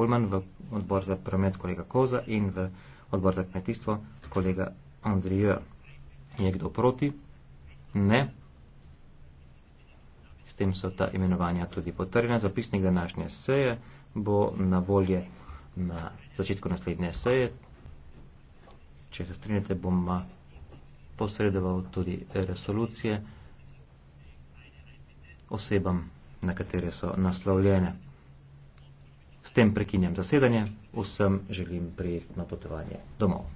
Ulman, v odbor za promet kolega Koza in v odbor za kmetijstvo kolega Andrijo. Je kdo proti? Ne. S tem so ta imenovanja tudi potrjena. Zapisnik današnje seje bo na volje na začetku naslednje seje. Če se strinjate, bom posredoval tudi resolucije osebam, na katere so naslovljene. S tem prekinjam zasedanje. Vsem želim prijetno potovanje domov.